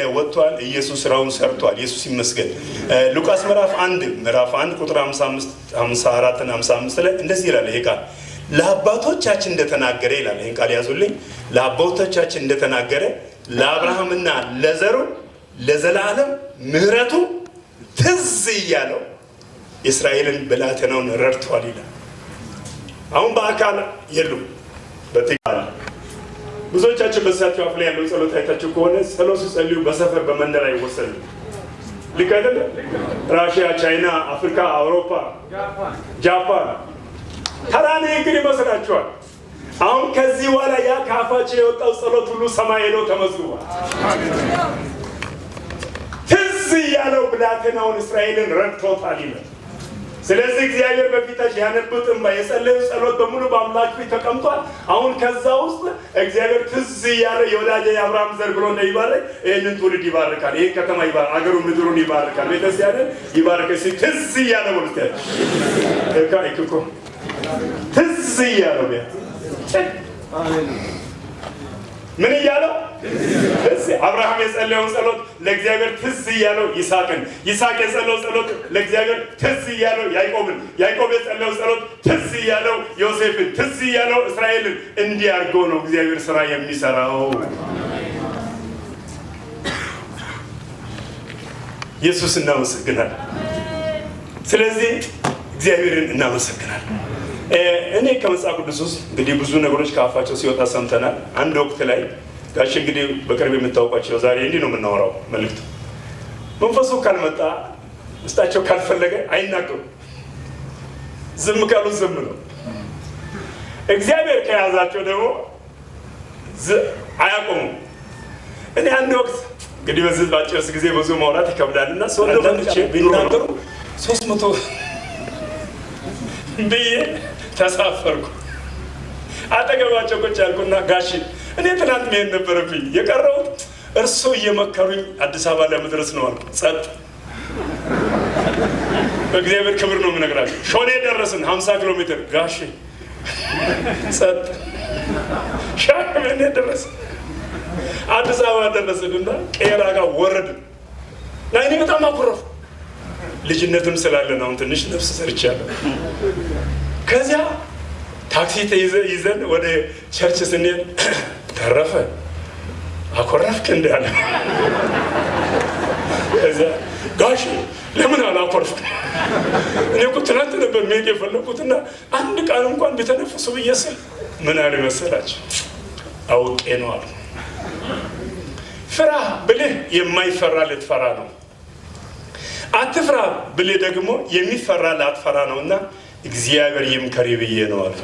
ላይ ወጥቷል። ኢየሱስ ስራውን ሰርቷል። ኢየሱስ ይመስገን። ሉቃስ ምዕራፍ አንድ ምዕራፍ አንድ ቁጥር 55 54 እና 55 ላይ እንደዚህ ይላል ይሄ ቃል ለአባቶቻችን እንደተናገረ ይላል። ይሄን ቃል ያዙልኝ። ለአባቶቻችን እንደተናገረ ለአብርሃምና ለዘሩ ለዘላለም ምሕረቱ ትዝ እያለው እስራኤልን ብላቴናውን ረድቷል ይላል። አሁን በአካል የሉም በትግል ብዙዎቻቸው በሳቸው አፍ ላይ ያለው ጸሎት አይታችሁ ከሆነ ጸሎት ሲጸልዩ በሰፈር በመንደር አይወሰኑ። ልክ አይደለ? ራሽያ፣ ቻይና፣ አፍሪካ፣ አውሮፓ፣ ጃፓን ተራኔ ንግግር ይመስላችኋል። አሁን ከዚህ በኋላ ያ ከአፋቸው የወጣው ጸሎት ሁሉ ሰማይ ሄዶ ተመዝግቧል። ትዝ እያለው ብላቴናውን እስራኤልን ረድቶታል ይላል ስለዚህ እግዚአብሔር በፊታሽ ያነብጥ እንባ የጸለዩ ጸሎት በሙሉ በአምላክ ፊት ተቀምጧል። አሁን ከዛ ውስጥ እግዚአብሔር ትዝ እያለ የወዳጀ የአብርሃም ዘር ብሎ እንደሚባረክ ይህንን ትውልድ ይባርካል። ይህን ከተማ ይባርካል። አገሩ ምድሩን ይባርካል። ቤተክርስቲያንን ይባርከ ሲ ትዝ እያለ ካ ይክኮ ትዝ እያለው ቢያ ምን እያለው አብርሃም የጸለየውን ጸሎት ለእግዚአብሔር ትዝ እያለው ይስሐቅን፣ ይስሐቅ የጸለው ጸሎት ለእግዚአብሔር ትዝ እያለው ያዕቆብን፣ ያዕቆብ የጸለው ጸሎት ትዝ እያለው ዮሴፍን፣ ትዝ እያለው እስራኤልን። እንዲህ ነው እግዚአብሔር ስራ የሚሰራው። ኢየሱስ እናመሰግናለን። ስለዚህ እግዚአብሔርን እናመሰግናለን። እኔ ከመጽሐፍ ቅዱስ ውስጥ እንግዲህ ብዙ ነገሮች ከአፋቸው ሲወጣ ሰምተናል። አንድ ወቅት ላይ ጋሽ እንግዲህ በቅርብ የምታውቋቸው ዛሬ እንዲህ ነው የምናወራው። መልእክቱ መንፈሱ ካልመጣ ውስጣቸው ካልፈለገ አይናገሩ። ዝም ካሉ ዝም ነው። እግዚአብሔር ከያዛቸው ደግሞ አያቆሙ እኔ አንድ ወቅት እንግዲህ በዚህ በአጭር ጊዜ ብዙ ማውራት ይከብዳል እና ሰው ቢናገሩ ሶስት መቶ ብዬ ተሳፈርኩ። አጠገባቸው ቁጭ ያልኩና ጋሽን እኔ ትናንት መሄድ ነበረብኝ። የቀረሁት እርስዎ እየመከሩኝ አዲስ አበባ ለመድረስ ነው አልኩ። ጸጥ በእግዚአብሔር ክብር ነው የምነግራቸው። ሾኔ ደረስን፣ 50 ኪሎ ሜትር ጋሼ፣ ጸጥ ሻሜኔ ደረስን፣ አዲስ አበባ ደረስን እና ቄራ ጋር ወረድን እና እኔ በጣም አኩረፉ። ልጅነትም ስላለን አሁን ትንሽ ነፍስ ሰርቻለሁ። ከዚያ ታክሲ ይዘን ወደ ቸርች ስንሄድ ተረፈ አኮረፍክ እንዳለ ጋሽ ለምን አላኮርፍክ? እኔ እኮ ትናንት ነበር መሄድ የፈለኩትና አንድ ቃል እንኳን ቢተነፍሱ ብዬ ስል ምን አለ መሰላች አውቄ ነው አሉ። ፍራ ብልህ የማይፈራ ልትፈራ ነው፣ አትፍራ ብልህ ደግሞ የሚፈራ ላትፈራ ነው እና እግዚአብሔር ይምከሪ ብዬ ነው አሉ።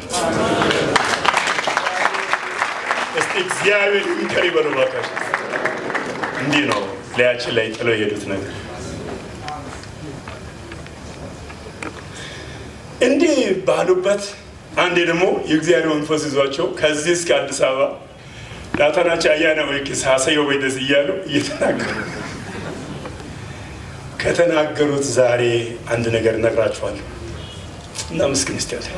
እግዚአብሔር ይንከር ይበሉ እንዲህ ነው ላያችን ላይ ጥለው የሄዱት ነገር። እንዲህ ባሉበት አንዴ ደግሞ የእግዚአብሔር መንፈስ ይዟቸው ከዚህ እስከ አዲስ አበባ አያና እያሉ እየተናገሩ ከተናገሩት ዛሬ አንድ ነገር እነግራችኋለሁ እና ምስክን ስትያለ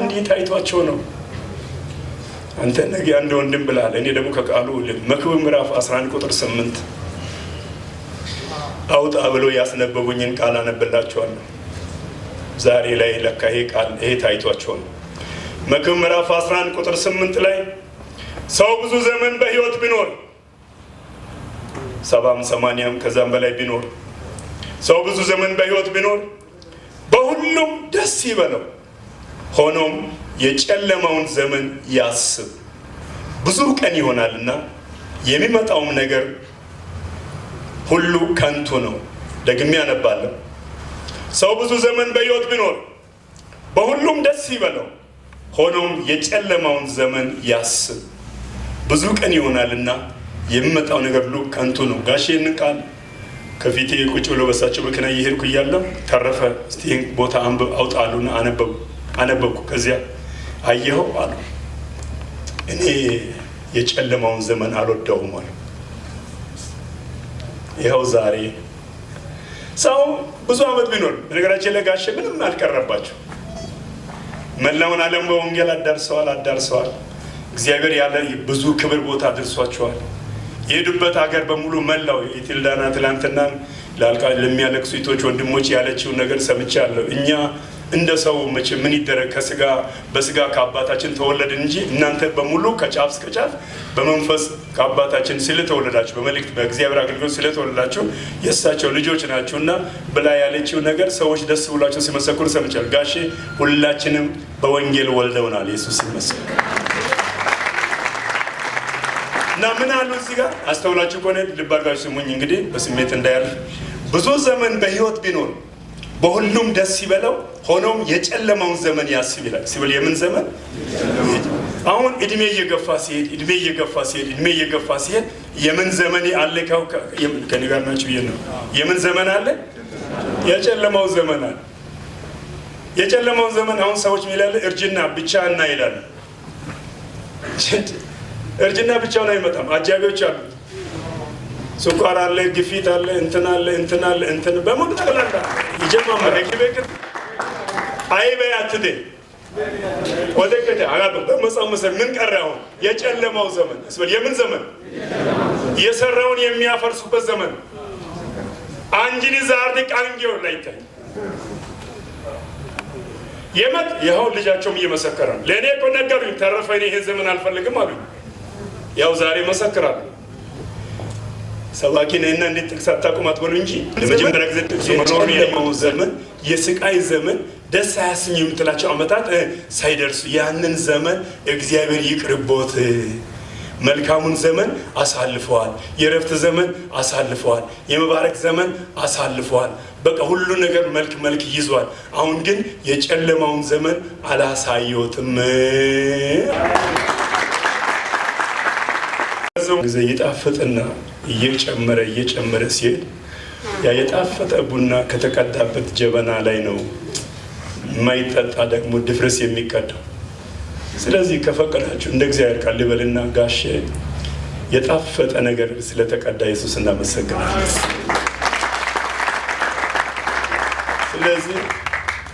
እንዴት አይቷቸው ነው? አንተ ነገ አንድ ወንድም ብላል። እኔ ደግሞ ከቃሉ መክብብ ምዕራፍ 11 ቁጥር 8 አውጣ ብሎ ያስነበቡኝን ቃል አነብላችኋለሁ። ዛሬ ላይ ለካ ይሄ ቃል ይሄ ታይቷቸው ነው። መክብብ ምዕራፍ 11 ቁጥር 8 ላይ ሰው ብዙ ዘመን በህይወት ቢኖር ሰባም ሰማንያም ከዛም በላይ ቢኖር ሰው ብዙ ዘመን በህይወት ቢኖር በሁሉም ደስ ይበለው ሆኖም የጨለመውን ዘመን ያስብ፣ ብዙ ቀን ይሆናልና የሚመጣውም ነገር ሁሉ ከንቱ ነው። ደግሜ ያነባለሁ። ሰው ብዙ ዘመን በሕይወት ቢኖር በሁሉም ደስ ይበለው፣ ሆኖም የጨለማውን ዘመን ያስብ፣ ብዙ ቀን ይሆናልና የሚመጣው ነገር ሁሉ ከንቱ ነው። ጋሽ ይህንን ቃል ከፊቴ ቁጭ ብሎ በሳቸው መኪና እየሄድኩ እያለሁ ተረፈ፣ እስቲ ቦታ አንብብ አውጣሉና አነበቡ። አነበብኩ። ከዚያ አየኸው አሉ እኔ የጨለማውን ዘመን አልወደውም አሉ። ይኸው ዛሬ ሰው ብዙ ዓመት ቢኖር በነገራችን ላይ ምንም አልቀረባቸው። መላውን ዓለም በወንጌል አዳርሰዋል አዳርሰዋል። እግዚአብሔር ያለ ብዙ ክብር ቦታ አድርሷቸዋል። የሄዱበት ሀገር በሙሉ መላው የትልዳና ትላንትና ለሚያለቅሱ ሴቶች ወንድሞች ያለችውን ነገር ሰምቻለሁ እኛ እንደ ሰው መቼ ምን ይደረግ ከስጋ በስጋ ከአባታችን ተወለድን እንጂ እናንተ በሙሉ ከጫፍ እስከ ጫፍ በመንፈስ ከአባታችን ስለተወለዳችሁ በመልእክት በእግዚአብሔር አገልግሎት ስለተወለዳችሁ የእሳቸው ልጆች ናችሁ እና ብላ ያለችው ነገር ሰዎች ደስ ብሏቸው ሲመሰክሩ ሰምቻል። ጋሼ ሁላችንም በወንጌል ወልደውናል ኢየሱስ ሲመሰክር እና ምን አሉ እዚህ ጋር አስተውላችሁ ከሆነ ልብ ስሙኝ። እንግዲህ በስሜት እንዳያልፍ ብዙ ዘመን በህይወት ቢኖር በሁሉም ደስ ይበለው ሆኖም የጨለማውን ዘመን ያስብ ይላል ሲብል የምን ዘመን አሁን እድሜ እየገፋ ሲሄድ እድሜ እየገፋ ሲሄድ እድሜ እየገፋ ሲሄድ የምን ዘመን አለ ከኔ ጋር ናቸው ነው የምን ዘመን አለ የጨለማው ዘመን አለ የጨለማው ዘመን አሁን ሰዎች ይላል እርጅና ብቻ እና ይላል እርጅና ብቻውን አይመጣም አጃቢዎች አሉ ስኳር አለ ግፊት አለ እንትን አለ እንትን አለ እንትን በሙሉ ጠቅላላ ይጀማመረ ቅቤ አይበይ አትጤ ወደቀደ አላሉ በመጽሐፍ መሰረት ምን ቀረ? የጨለማው ዘመን እስበል የምን ዘመን የሰራውን የሚያፈርሱበት ዘመን አንጂኒ ዛርድ ቃንጌው ላይ የመት ይኸው ልጃቸውም እየመሰከረ ነው። ለእኔ እኮ ነገሩኝ፣ ተረፈ እኔ ይሄን ዘመን አልፈልግም አሉኝ። ያው ዛሬ መሰክራሉ። ሰባኪ ነህና እንዴት ጥቅስ አታውቁም አትበሉ እንጂ ለመጀመሪያ ጊዜ ጥቅሱ መኖሩን ያየው ዘመን የስቃይ ዘመን ደስ አያሰኝ የምትላቸው ዓመታት ሳይደርሱ ያንን ዘመን እግዚአብሔር ይቅርቦት። መልካሙን ዘመን አሳልፈዋል። የረፍት ዘመን አሳልፈዋል። የመባረክ ዘመን አሳልፈዋል። በቃ ሁሉ ነገር መልክ መልክ ይዟል። አሁን ግን የጨለማውን ዘመን አላሳየትም። ጊዜ እየጣፈጠና እየጨመረ እየጨመረ ሲሄድ ያ የጣፈጠ ቡና ከተቀዳበት ጀበና ላይ ነው የማይጠጣ ደግሞ ድፍርስ የሚቀዳው። ስለዚህ ከፈቀዳችሁ እንደ እግዚአብሔር ቃል ልበልና ጋሼ የጣፈጠ ነገር ስለተቀዳ ኢየሱስ እናመሰግናለን። ስለዚህ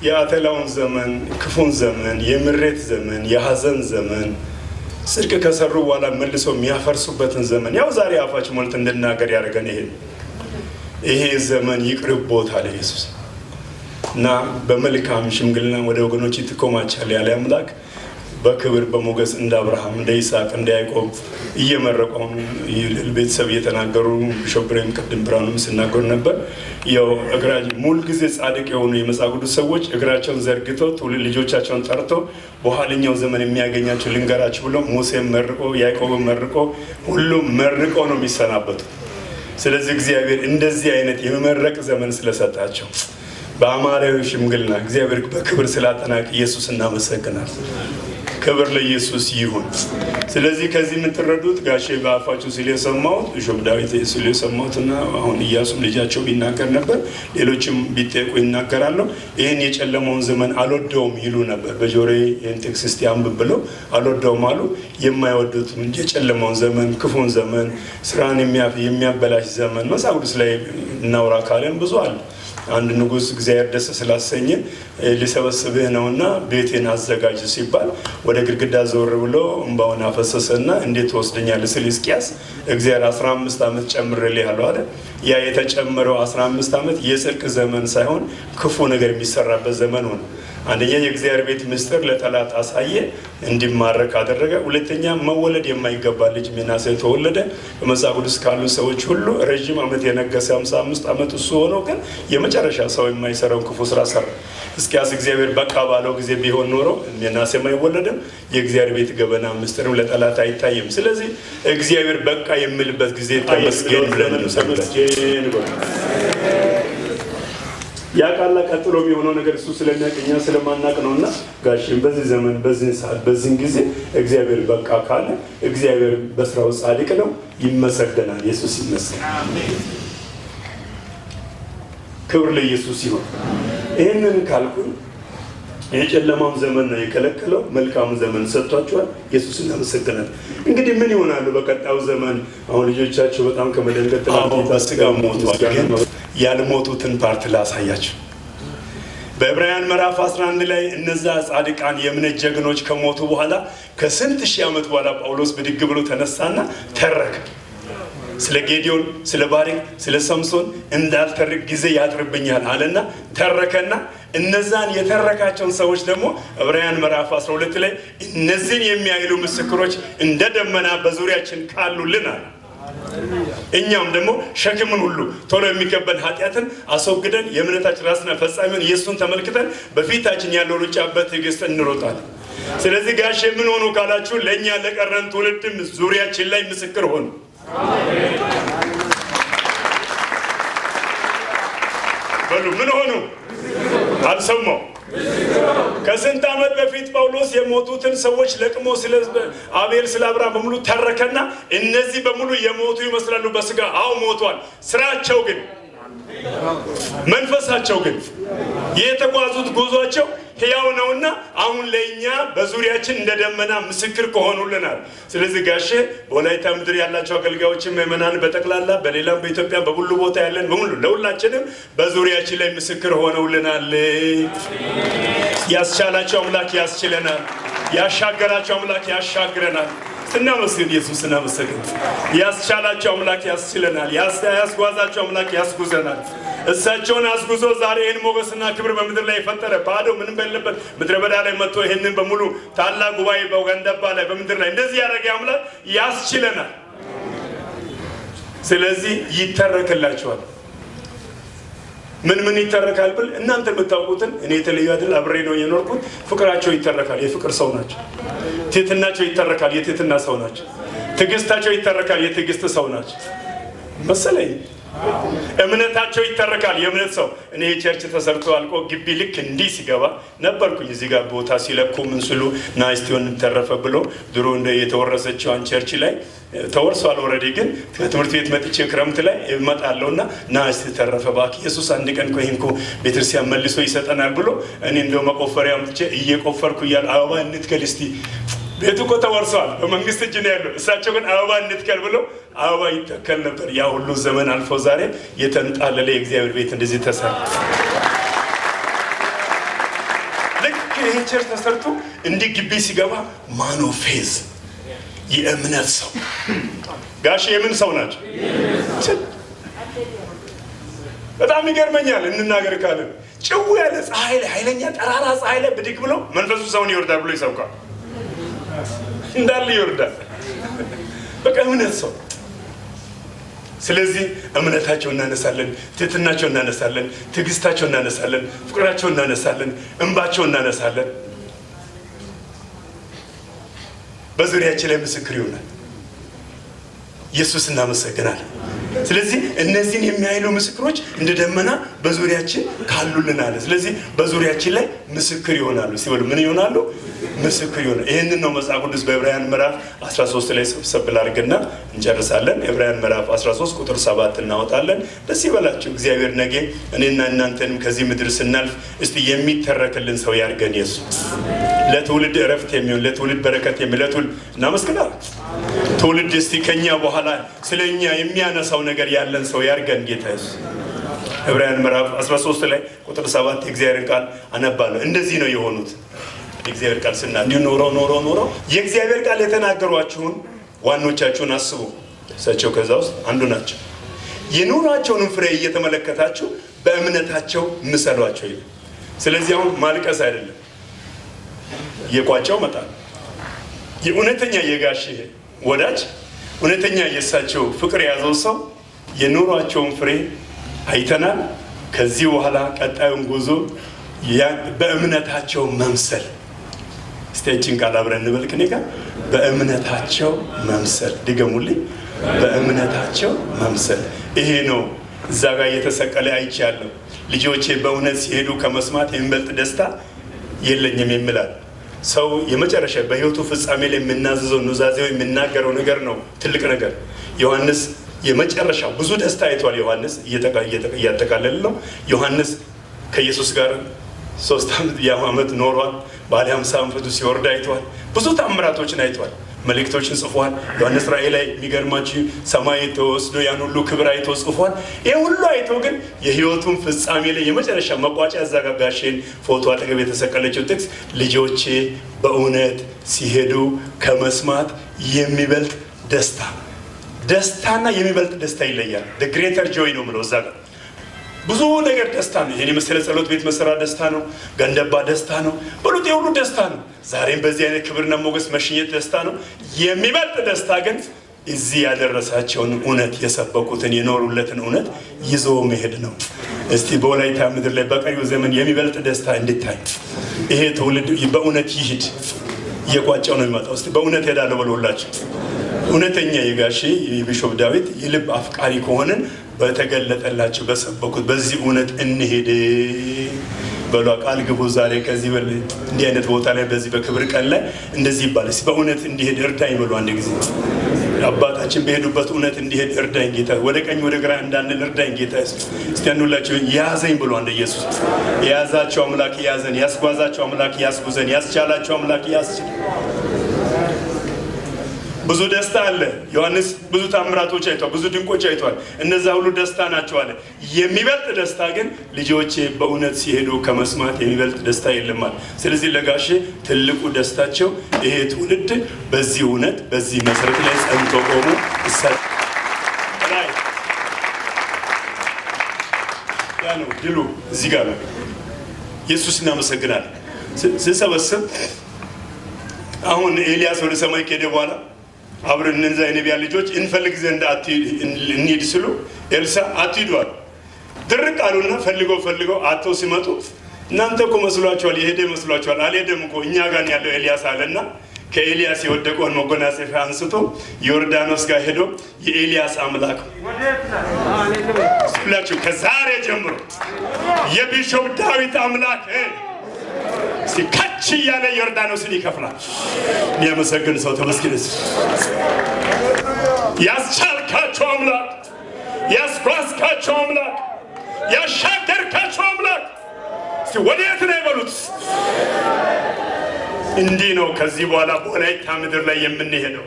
የአተላውን ዘመን፣ ክፉን ዘመን፣ የምሬት ዘመን፣ የሀዘን ዘመን ጽድቅ ከሰሩ በኋላ መልሶ የሚያፈርሱበትን ዘመን ያው ዛሬ አፋች ሞልት እንድናገር ያደርገን ይሄ ይሄ ዘመን ይቅርቦታል። ኢየሱስ። እና በመልካም ሽምግልና ወደ ወገኖች ትኮማቻል ያለ አምላክ በክብር በሞገስ እንደ አብርሃም እንደ ይስሐቅ እንደ ያዕቆብ እየመረቁ ቤተሰብ እየተናገሩ ሾብሬም ቅድም ብርሃኑም ሲናገሩ ነበር። ያው እግራ ሙሉ ጊዜ ጻድቅ የሆኑ የመጽሐፍ ቅዱስ ሰዎች እግራቸውን ዘርግተው ትውልድ ልጆቻቸውን ጠርቶ በኋለኛው ዘመን የሚያገኛቸው ልንገራቸው ብሎ ሙሴም መርቆ ያዕቆብም መርቆ ሁሉም መርቆ ነው የሚሰናበቱ። ስለዚህ እግዚአብሔር እንደዚህ አይነት የመመረቅ ዘመን ስለሰጣቸው በአማራዊ ሽምግልና እግዚአብሔር በክብር ስላጠናቅ ኢየሱስ እናመሰግናል። ክብር ለኢየሱስ ይሁን። ስለዚህ ከዚህ የምትረዱት ጋሼ በአፋቸው ሲል የሰማሁት ሾብ ዳዊት ሲሉ የሰማሁትና አሁን እያሱም ልጃቸው ቢናገር ነበር፣ ሌሎችም ቢጠቁ ይናገራሉ። ይህን የጨለመውን ዘመን አልወደውም ይሉ ነበር። በጆሬ ይህን ቴክስት እስቲ አንብብ ብለው አልወደውም አሉ። የማይወዱት የጨለመውን ዘመን፣ ክፉን ዘመን፣ ስራን የሚያበላሽ ዘመን መጽሐፍ ቅዱስ ላይ እናውራ ካለን ብዙ አለ። አንድ ንጉስ እግዚአብሔር ደስ ስላሰኘ ሊሰበስብህ ነውና ቤቴን አዘጋጅ ሲባል ወደ ግድግዳ ዞር ብሎ እንባውን አፈሰሰና እንዴት ትወስደኛለህ ስል ሕዝቅያስ እግዚአብሔር 15 ዓመት ጨምርልህ ያለው አለ። ያ የተጨመረው 15 ዓመት የጽድቅ ዘመን ሳይሆን ክፉ ነገር የሚሰራበት ዘመን ሆነ። አንደኛ የእግዚአብሔር ቤት ምስጢር ለጠላት አሳየ፣ እንዲማረክ አደረገ። ሁለተኛ መወለድ የማይገባ ልጅ ሚናሴ ተወለደ። በመጽሐፍ ቅዱስ ካሉ ሰዎች ሁሉ ረዥም ዓመት የነገሰ 55 ዓመት እሱ ሆኖ ግን የመጨረሻ ሰው የማይሰራውን ክፉ ስራ ሰራ። እስኪያስ እግዚአብሔር በቃ ባለው ጊዜ ቢሆን ኖሮ ሚናሴም አይወለድም፣ የእግዚአብሔር ቤት ገበና ምስጢርም ለጠላት አይታይም። ስለዚህ እግዚአብሔር በቃ የምልበት ጊዜ ተመስገን ብለን ያቃላ ቀጥሎ የሆነው ነገር እሱ ስለሚያቀኛ ስለማናቅ ነው። እና ጋሽን በዚህ ዘመን በዚህ ሰዓት በዚህን ጊዜ እግዚአብሔር በቃ ካለ እግዚአብሔር በስራው ጻድቅ ነው፣ ይመሰገናል። የሱስ ይመስገን። ክብር ለኢየሱስ ይሆን ይህንን ካልኩኝ የጨለማም ዘመን ነው የከለከለው፣ መልካም ዘመን ሰጥቷቸዋል። ኢየሱስ እናመሰግናል። እንግዲህ ምን ይሆናሉ በቀጣዩ ዘመን? አሁን ልጆቻቸው በጣም ከመደንገጥ ስጋ ሞቷል። ያልሞቱትን ፓርት ላሳያችሁ። በዕብራውያን ምዕራፍ 11 ላይ እነዛ ጻድቃን የእምነት ጀግኖች ከሞቱ በኋላ ከስንት ሺህ ዓመት በኋላ ጳውሎስ ብድግ ብሎ ተነሳና ተረከ። ስለ ጌዲዮን፣ ስለ ባሪክ፣ ስለ ሰምሶን እንዳልተርክ ጊዜ ያጥርብኛል አለና ተረከና እነዛን የተረካቸውን ሰዎች ደግሞ ዕብራውያን ምዕራፍ 12 ላይ እነዚህን የሚያይሉ ምስክሮች እንደ ደመና በዙሪያችን ካሉልን አለ። እኛም ደግሞ ሸክምን ሁሉ ቶሎ የሚከበድ ኃጢአትን አስወግደን የእምነታችን ራስና ፈጻሚውን ኢየሱስን ተመልክተን በፊታችን ያለው ሩጫ በትዕግስት እንሮጣለን። ስለዚህ ጋሽ ምን ሆኑ ካላችሁ ለእኛ ለቀረን ትውልድም ዙሪያችን ላይ ምስክር ሆኑ። በሉ ምን ሆኑ? አልሰማው ከስንት ዓመት በፊት ጳውሎስ የሞቱትን ሰዎች ለቅሞ ስለ አቤል ስለ አብርሃም በሙሉ ተረከና እነዚህ በሙሉ የሞቱ ይመስላሉ በስጋ አው ሞቷል። ስራቸው ግን መንፈሳቸው ግን የተጓዙት ጉዟቸው ህያው ነውና አሁን ለእኛ በዙሪያችን እንደ ደመና ምስክር ከሆኑልናል። ስለዚህ ጋሼ በወላይታ ምድር ያላቸው አገልጋዮችን ምእመናን፣ በጠቅላላ በሌላም በኢትዮጵያ በሁሉ ቦታ ያለን በሙሉ ለሁላችንም በዙሪያችን ላይ ምስክር ሆነውልናል። ያስቻላቸው አምላክ ያስችለናል። ያሻገራቸው አምላክ ያሻግረናል። እናመስግን። ኢየሱስ እናመስግን። ያስቻላቸው አምላክ ያስችለናል። ያስጓዛቸው አምላክ ያስጉዘናል። እሳቸውን አስጉዞ ዛሬ ይህን ሞገስና ክብር በምድር ላይ የፈጠረ ባዶ ምንም በሌለበት ምድረ በዳ ላይ መጥቶ ይህንን በሙሉ ታላቅ ጉባኤ በገንደባ ላይ በምድር ላይ እንደዚህ ያደረገ አምላክ ያስችለናል። ስለዚህ ይተረክላቸዋል። ምን ምን ይተረካል ብል እናንተ የምታውቁትን እኔ የተለዩ አይደል አብሬ ነው የኖርኩት። ፍቅራቸው ይተረካል፣ የፍቅር ሰው ናቸው። ትትናቸው ይተረካል፣ የትትና ሰው ናቸው። ትዕግስታቸው ይተረካል፣ የትግስት ሰው ናቸው መሰለኝ። እምነታቸው ይተረካል። የእምነት ሰው እኔ ቸርች ተሰርቶ አልቆ ግቢ ልክ እንዲህ ሲገባ ነበርኩኝ። እዚህ ጋር ቦታ ሲለኩ ምን ስሉ ናይስቲዮን ተረፈ ብሎ ድሮ እንደ የተወረሰችዋን ቸርች ላይ ተወርሷል። ኦልሬዲ ግን ከትምህርት ቤት መጥቼ ክረምት ላይ እመጣለሁ እና ናይስቲ ተረፈ እባክህ ኢየሱስ አንድ ቀን እኮ ይህን እኮ ቤተክርስቲያን መልሶ ይሰጠናል ብሎ እኔ እንደው መቆፈሪያ አምጥቼ እየቆፈርኩ እያል አበባ እንትከል እስቲ ቤቱ እኮ ተወርሷል፣ በመንግስት እጅ ነው ያለው። እሳቸው ግን አበባ እንትከል ብለው አበባ ይተከል ነበር። ያ ሁሉ ዘመን አልፎ ዛሬ የተንጣለለ የእግዚአብሔር ቤት እንደዚህ ተሰራ። ልክ ይሄ ቸርች ተሰርቶ እንዲህ ግቢ ሲገባ ማኖፌዝ የእምነት ሰው ጋሽ የምን ሰው ናቸው? በጣም ይገርመኛል። እንናገር ካለን ጭው ያለ ፀሐይ ላይ ኃይለኛ ጠራራ ፀሐይ ላይ ብድግ ብለው መንፈሱ ሰውን ይወርዳል ብሎ ይሰብካል። እንዳለ ይወርዳል። በቃ እምነት ሰው ስለዚህ እምነታቸው እናነሳለን፣ ትህትናቸው እናነሳለን፣ ትዕግስታቸው እናነሳለን፣ ፍቅራቸው እናነሳለን፣ እንባቸው እናነሳለን። በዙሪያችን ላይ ምስክር ይሆናል። ኢየሱስ እናመሰግናለን። ስለዚህ እነዚህን የሚያይሉ ምስክሮች እንደ ደመና በዙሪያችን ካሉልን አለ። ስለዚህ በዙሪያችን ላይ ምስክር ይሆናሉ ሲበሉ ምን ይሆናሉ? ምስክር ይሆነ። ይህንን ነው መጽሐፍ ቅዱስ በዕብራውያን ምዕራፍ 13 ላይ ሰብሰብ ላድርግና እንጨርሳለን። ዕብራውያን ምዕራፍ 13 ቁጥር 7 እናወጣለን። ደስ ይበላችሁ። እግዚአብሔር ነገ እኔና እናንተንም ከዚህ ምድር ስናልፍ እስቲ የሚተረክልን ሰው ያድርገን። የሱ ለትውልድ እረፍት የሚሆን ለትውልድ በረከት የሚሆን ለትውልድ እናመስግናል። ትውልድ እስቲ ከኛ በኋላ ስለ እኛ የሚያነሳው ነገር ያለን ሰው ያድርገን ጌታ የሱስ ዕብራውያን ምዕራፍ 13 ላይ ቁጥር 7 የእግዚአብሔርን ቃል አነባለሁ። እንደዚህ ነው የሆኑት የእግዚአብሔር ቃል ስናንድ ኖሮ ኖሮ ኖሮ የእግዚአብሔር ቃል የተናገሯችሁን ዋኖቻችሁን አስቡ። እሳቸው ከዛ ውስጥ አንዱ ናቸው። የኑሯቸውንም ፍሬ እየተመለከታችሁ በእምነታቸው ምሰሏቸው ይላል። ስለዚህ አሁን ማልቀስ አይደለም፣ የቋጫው መጣል የእውነተኛ የጋሽ ወዳጅ እውነተኛ የእሳቸው ፍቅር የያዘው ሰው የኑሯቸውን ፍሬ አይተናል። ከዚህ በኋላ ቀጣዩን ጉዞ በእምነታቸው መምሰል ስቴችን ቃል እንበል ከኔ ጋር በእምነታቸው መምሰል። ድገሙልኝ፣ በእምነታቸው መምሰል። ይሄ ነው እዛ ጋር እየተሰቀለ አይቻለሁ። ልጆቼ በእውነት ሲሄዱ ከመስማት የሚበልጥ ደስታ የለኝም የሚላል ሰው የመጨረሻ በህይወቱ ፍጻሜ ላይ የምናዘዘው ኑዛዜው የምናገረው ነገር ነው ትልቅ ነገር። ዮሐንስ የመጨረሻው ብዙ ደስታ አይቷል። ዮሐንስ እያጠቃለል ነው። ዮሐንስ ከኢየሱስ ጋር ሶስት ዓመት ያው ዓመት ኖሯል። ባለ ሀምሳ ዓመቱ ሲወርድ አይተዋል። ብዙ ታምራቶችን አይተዋል። መልእክቶችን ጽፏል። ዮሐንስ ራእይ ላይ የሚገርማችሁ ሰማይ ተወስዶ ያን ሁሉ ክብር አይቶ ጽፏል። ይህ ሁሉ አይቶ ግን የህይወቱን ፍጻሜ ላይ የመጨረሻ መቋጫ ያዘጋጋሽን ፎቶ አጠገብ የተሰቀለችው ጥቅስ ልጆቼ በእውነት ሲሄዱ ከመስማት የሚበልጥ ደስታ ደስታና የሚበልጥ ደስታ ይለያል። ግሬተር ጆይ ነው ምለው እዛ ጋር ብዙ ነገር ደስታ ነው። ይህን የመሰለ ጸሎት ቤት መሰራ ደስታ ነው። ገንደባ ደስታ ነው። በሉት የሁሉ ደስታ ነው። ዛሬም በዚህ አይነት ክብርና ሞገስ መሸኘት ደስታ ነው። የሚበልጥ ደስታ ግን እዚህ ያደረሳቸውን እውነት የሰበኩትን የኖሩለትን እውነት ይዞ መሄድ ነው። እስቲ በወላይታ ምድር ላይ በቀሪው ዘመን የሚበልጥ ደስታ እንድታይ ይሄ ትውልድ በእውነት ይሂድ። እየቋጨው ነው የሚመጣው። እስቲ በእውነት ሄዳለሁ በለውላችሁ። እውነተኛ የጋሼ የቢሾፕ ዳዊት የልብ አፍቃሪ ከሆንን በተገለጠላችሁ በሰበኩት በዚህ እውነት እንሄድ በሏ። ቃል ግቡ። ዛሬ ከዚህ እንዲህ አይነት ቦታ ላይ በዚህ በክብር ቀን ላይ እንደዚህ ይባላል። በእውነት እንዲሄድ እርዳኝ በሉ። አንድ ጊዜ አባታችን በሄዱበት እውነት እንዲሄድ እርዳኝ ጌታ፣ ወደ ቀኝ ወደ ግራ እንዳንል እርዳኝ ጌታ። እስቲ ያዘኝ ብሎ አንድ ኢየሱስ የያዛቸው አምላክ ያዘን፣ ያስጓዛቸው አምላክ ያስጉዘን፣ ያስቻላቸው አምላክ ያስችል ብዙ ደስታ አለ። ዮሐንስ ብዙ ታምራቶች አይቷል፣ ብዙ ድንቆች አይቷል። እነዛ ሁሉ ደስታ ናቸው አለ። የሚበልጥ ደስታ ግን ልጆቼ በእውነት ሲሄዱ ከመስማት የሚበልጥ ደስታ የለማል። ስለዚህ ለጋሼ ትልቁ ደስታቸው ይሄ ትውልድ በዚህ እውነት በዚህ መሰረት ላይ ጸንቶ ቆሙ እሳ ነው ድሉ እዚህ ጋር ነው። ኢየሱስ እናመሰግናለን። ስሰበስብ አሁን ኤልያስ ወደ ሰማይ ከሄደ በኋላ አብረን እነዛ የነቢያ ልጆች እንፈልግ ዘንድ እንሂድ ስሉ ኤልሳ አትሂዱ አሉ። ድርቅ አሉና ፈልገው ፈልገው አተው ሲመጡ እናንተ እኮ መስሏችኋል፣ የሄደ መስሏችኋል። አልሄደም እኮ እኛ ጋን ያለው ኤልያስ አለና ከኤልያስ የወደቀውን መጎናጸፊያ አንስቶ ዮርዳኖስ ጋር ሄዶ የኤልያስ አምላክ ሁላችሁ ከዛሬ ጀምሮ የቢሾፕ ዳዊት አምላክ እስቲ ከች እያለ ዮርዳኖስን ይከፍላል። የሚያመሰግን ሰው ተመስገን። ያስቻልካቸው አምላክ፣ ያስጓዝካቸው አምላክ፣ ያሻገርካቸው አምላክ እስቲ ወዴት ነው የበሉት። እንዲህ ነው ከዚህ በኋላ በወላይታ ምድር ላይ የምንሄደው።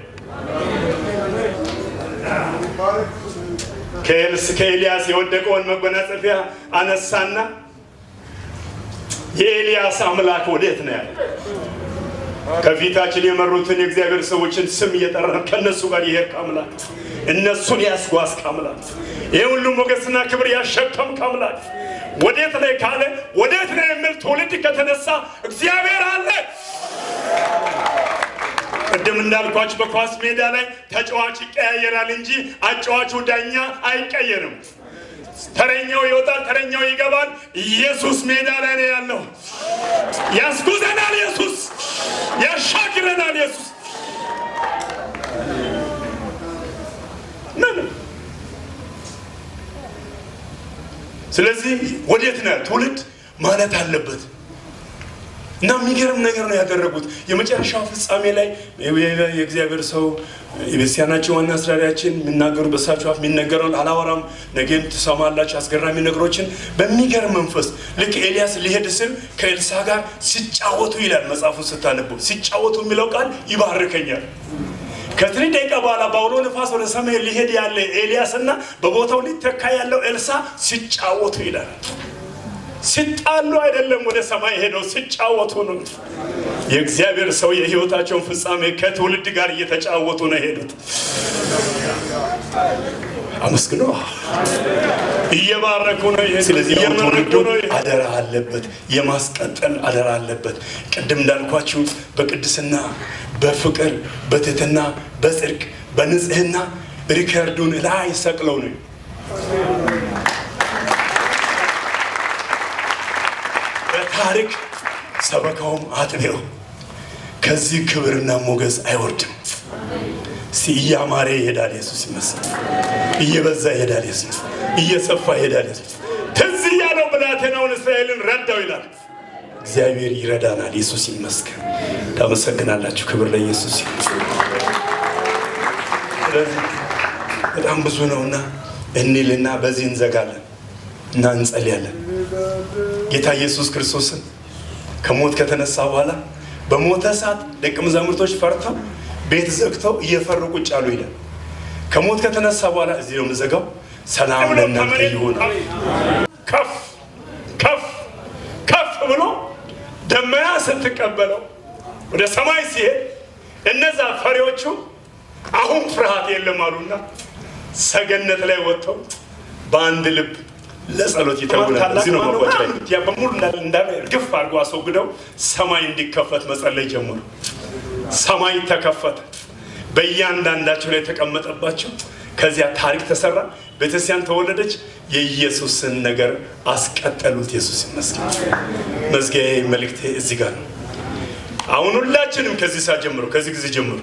ከኤልስ ከኤልያስ የወደቀውን መጎናጸፊያ አነሳና የኤልያስ አምላክ ወዴት ነው ከፊታችን የመሩትን የእግዚአብሔር ሰዎችን ስም እየጠራን ከእነሱ ጋር የሄድክ አምላክ፣ እነሱን ያስጓዝክ አምላክ፣ ይህ ሁሉ ሞገስና ክብር ያሸከምክ አምላክ ወዴት ነው ካለ ወዴት ነው የሚል ትውልድ ከተነሳ እግዚአብሔር አለ። ቅድም እንዳልኳችሁ በኳስ ሜዳ ላይ ተጫዋች ይቀያየራል እንጂ አጫዋቹ ዳኛ አይቀየርም። ተረኛው ይወጣል፣ ተረኛው ይገባል። ኢየሱስ ሜዳ ላይ ነው ያለው። ያስጉዘናል ኢየሱስ፣ ያሻግረናል ኢየሱስ። ስለዚህ ወዴት ነህ ትውልድ ማለት አለበት። እና የሚገርም ነገር ነው ያደረጉት። የመጨረሻው ፍጻሜ ላይ የእግዚአብሔር ሰው የቤተክርስቲያናችን ዋና አስተዳዳሪያችን የሚናገሩ በሳቸው አፍ የሚነገረውን አላወራም፣ ነገም ትሰማላችሁ አስገራሚ ነገሮችን በሚገርም መንፈስ ልክ ኤልያስ ሊሄድ ስል ከኤልሳ ጋር ሲጫወቱ ይላል። መጽሐፉን ስታነቡ ሲጫወቱ የሚለው ቃል ይባርከኛል። ከትሪ ደቂቃ በኋላ በአውሎ ንፋስ ወደ ሰማይ ሊሄድ ያለ ኤልያስ እና በቦታው ሊተካ ያለው ኤልሳ ሲጫወቱ ይላል። ሲጣሉ አይደለም ወደ ሰማይ ሄደው ሲጫወቱ ነው። የእግዚአብሔር ሰው የህይወታቸውን ፍጻሜ ከትውልድ ጋር እየተጫወቱ ነው ሄዱት። አመስግኖ እየባረኩ ነው። ስለዚህ ትውልዱ አደራ አለበት፣ የማስቀጠል አደራ አለበት። ቅድም እንዳልኳችሁ በቅድስና በፍቅር በትህትና በጽድቅ በንጽህና ሪከርዱን ላይ ሰቅለው ነው ታሪክ ሰበካውም አጥኔው ከዚህ ክብርና ሞገስ አይወርድም። እያማረ ይሄዳል ኢየሱስ ይመስል፣ እየበዛ ይሄዳል ኢየሱስ፣ እየሰፋ ይሄዳል ኢየሱስ። ትዝ ያለው ብላቴናውን እስራኤልን ረዳው ይላል። እግዚአብሔር ይረዳናል። ኢየሱስ ይመስገን። ታመሰግናላችሁ። ክብር ለኢየሱስ። በጣም ብዙ ነውና እንልና በዚህ እንዘጋለን እና እንጸልያለን። ጌታ ኢየሱስ ክርስቶስን ከሞት ከተነሳ በኋላ በሞተ ሰዓት ደቀ መዛሙርቶች ፈርተው ቤት ዘግተው እየፈሩ ቁጭ አሉ ይላል። ከሞት ከተነሳ በኋላ እዚህ ነው የምንዘጋው። ሰላም ለእናንተ ይሁን። ከፍ ከፍ ከፍ ብሎ ደመና ስትቀበለው ወደ ሰማይ ሲሄድ እነዛ ፈሪዎቹ አሁን ፍርሃት የለም አሉና ሰገነት ላይ ወጥተው በአንድ ልብ ለጸሎት ይተውናል። በሙሉ አድርጎ አስወግደው ሰማይ እንዲከፈት መጸለይ ጀምሩ። ሰማይ ተከፈተ። በእያንዳንዳቸው ላይ የተቀመጠባቸው ከዚያ ታሪክ ተሰራ። ቤተክርስቲያን ተወለደች። የኢየሱስን ነገር አስቀጠሉት። ኢየሱስ ይመስገን። መዝጊያ መልእክቴ እዚህ ጋር ነው። አሁን ሁላችንም ከዚህ ሰዓት ጀምሮ ከዚህ ጊዜ ጀምሮ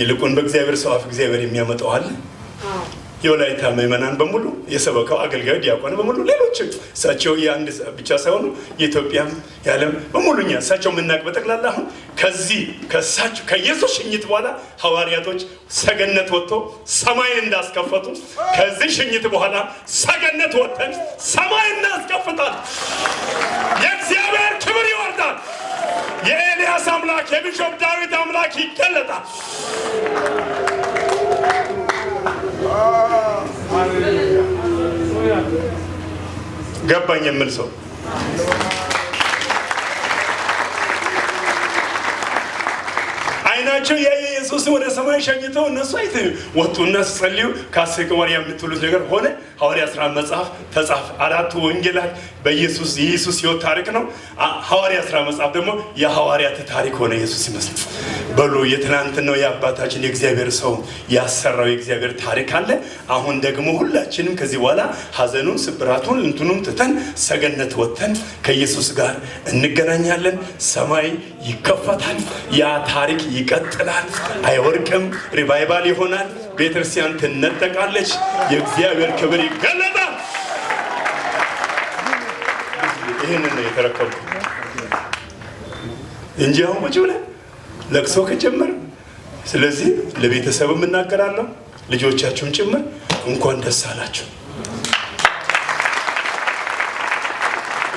ይልቁን በእግዚአብሔር ሰው አፍ እግዚአብሔር የሚያመጣው አለ የወላይታ ምዕመናን በሙሉ የሰበካው አገልጋዩ ዲያቆን በሙሉ ሌሎች እሳቸው የአንድ ብቻ ሳይሆኑ የኢትዮጵያም የዓለም በሙሉኛ እሳቸው የምናቅ በጠቅላላ አሁን ከዚህ ከእሳቸው ከኢየሱስ ሽኝት በኋላ ሐዋርያቶች ሰገነት ወጥቶ ሰማይን እንዳስከፈቱ ከዚህ ሽኝት በኋላ ሰገነት ወጥተን ሰማይ እናስከፍታል። የእግዚአብሔር ክብር ይወርዳል። የኤልያስ አምላክ የቢሾፕ ዳዊት አምላክ ይገለጣል። ገባኝ የምል ሰው አይናቸው ኢየሱስን ወደ ሰማይ ሸኝተው እነሱ አይት ወጡ እነሱ ጸልዩ ከአስቅ ወር የምትሉት ነገር ሆነ። ሐዋርያ ሥራ መጽሐፍ ተጻፍ አራቱ ወንጌላት በኢየሱስ የኢየሱስ ሕይወት ታሪክ ነው። ሐዋርያ ሥራ መጽሐፍ ደግሞ የሐዋርያት ታሪክ ሆነ። ኢየሱስ ይመስል በሉ የትናንትናው የአባታችን የእግዚአብሔር ሰው ያሰራው የእግዚአብሔር ታሪክ አለ። አሁን ደግሞ ሁላችንም ከዚህ በኋላ ሐዘኑን ስብራቱን እንትኑም ትተን ሰገነት ወጥተን ከኢየሱስ ጋር እንገናኛለን። ሰማይ ይከፈታል። ያ ታሪክ ይቀጥላል። አይወርቅም። ሪቫይቫል ይሆናል። ቤተክርስቲያን ትነጠቃለች። የእግዚአብሔር ክብር ይገለጣል። ይህንን ነው የተረከብኩ እንጂ አሁን ቁጭ ብለህ ለቅሶ ከጀመር ስለዚህ ለቤተሰብ እናገራለሁ፣ ልጆቻችሁን ጭምር እንኳን ደስ አላችሁ።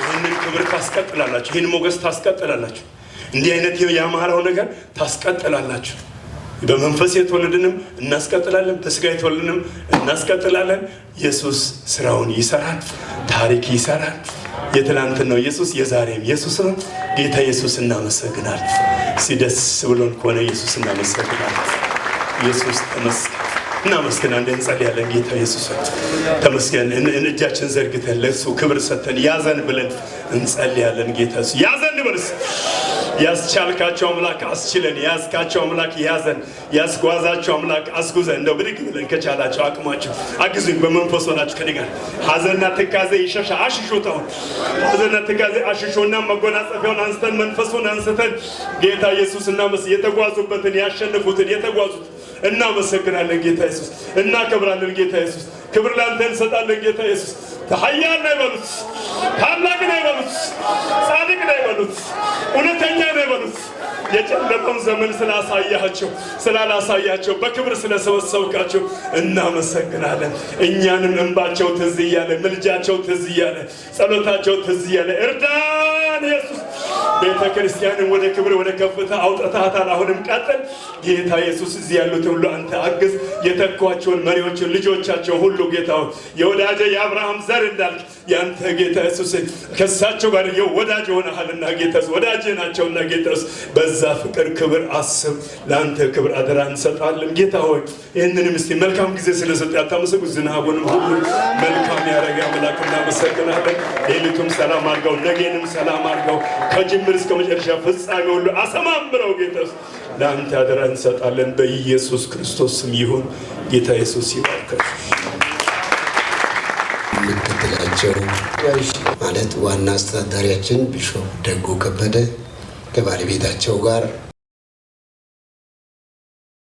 ይህንን ክብር ታስቀጥላላችሁ፣ ይህን ሞገስ ታስቀጥላላችሁ፣ እንዲህ አይነት ያማረው ነገር ታስቀጥላላችሁ። በመንፈስ የተወለድንም እናስቀጥላለን፣ በስጋ የተወለድንም እናስቀጥላለን። ኢየሱስ ስራውን ይሰራል፣ ታሪክ ይሰራል። የትናንት ነው ኢየሱስ፣ የዛሬም ኢየሱስ ነው። ጌታ ኢየሱስ እናመሰግናል። ሲደስ ብሎን ከሆነ ኢየሱስ እናመሰግናል። ኢየሱስ ተመስገን። እናመስግን አንድ እንጸልያለን። ጌታ ኢየሱስ ተመስገን። እጃችን ዘርግተን ለእሱ ክብር ሰተን ያዘን ብለን እንጸልያለን። ጌታ ያዘን ብለን ያስቻልካቸው አምላክ አስችለን፣ ያስካቸው አምላክ ያዘን፣ ያስጓዛቸው አምላክ አስጉዘን። እንደው ብድግ ብለን ከቻላቸው አቅማቸው አግዙኝ። በመንፈስ ሆናችሁ ከኔ ጋር ሀዘንና ትካዜ ይሸሻ አሽሹት። አሁን ሀዘንና ትካዜ አሽሾና መጎናጸፊያውን አንስተን መንፈሱን አንስተን ጌታ ኢየሱስ እናመስ የተጓዙበትን ያሸንፉትን የተጓዙት እናመሰግናለን ጌታ ኢየሱስ። እናከብራለን ጌታ ኢየሱስ። ክብር ላንተ እንሰጣለን ጌታ ኢየሱስ። ሀያል ነው ይበሉት፣ ታላቅ ነው ይበሉት፣ ጻድቅ ነው ይበሉት፣ እውነተኛ ነው ይበሉት። የጨለመውን ዘመን ስላሳያቸው ስላላሳያቸው በክብር ስለሰበሰብካቸው እናመሰግናለን። እኛንም እንባቸው ትዝ እያለ፣ ምልጃቸው ትዝ እያለ፣ ጸሎታቸው ትዝ እያለ እርዳን ኢየሱስ ቤተ ክርስቲያንን ወደ ክብር ወደ ከፍታ አውጥታታል። አሁንም ቀጥል። ጌታ ኢየሱስ እዚህ ያሉትን ሁሉ አንተ አግዝ። የተኳቸውን መሪዎችን ልጆቻቸው ሁሉ ጌታ የወዳጀ የአብርሃም ዘር እንዳልክ ያንተ ጌታ ኢየሱስ ከሳቸው ጋር የወዳጅ ሆነሃልና ጌታ ወዳጅ ናቸውና ጌታ ኢየሱስ በዛ ፍቅር ክብር አስብ። ለአንተ ክብር አደራ እንሰጣለን። ጌታ ሆይ ይህንንም እስቲ መልካም ጊዜ ስለሰጡ ያታመሰጉ ዝናቡንም ሁሉ መልካም ያደረገ አምላክ እናመሰግናለን። ሌሊቱም ሰላም አድርገው ነገንም ሰላም አድርገው ከጅም ከጅምር እስከ መጨረሻ ፍጻሜ ሁሉ አሰማምረው። ጌታ ጌታስ ለአንተ አደራ እንሰጣለን። በኢየሱስ ክርስቶስ ስም ይሁን። ጌታ ኢየሱስ ይባርከል። የምንከትላቸው ማለት ዋና አስተዳዳሪያችን ቢሾፕ ደጎ ከበደ ከባለቤታቸው ጋር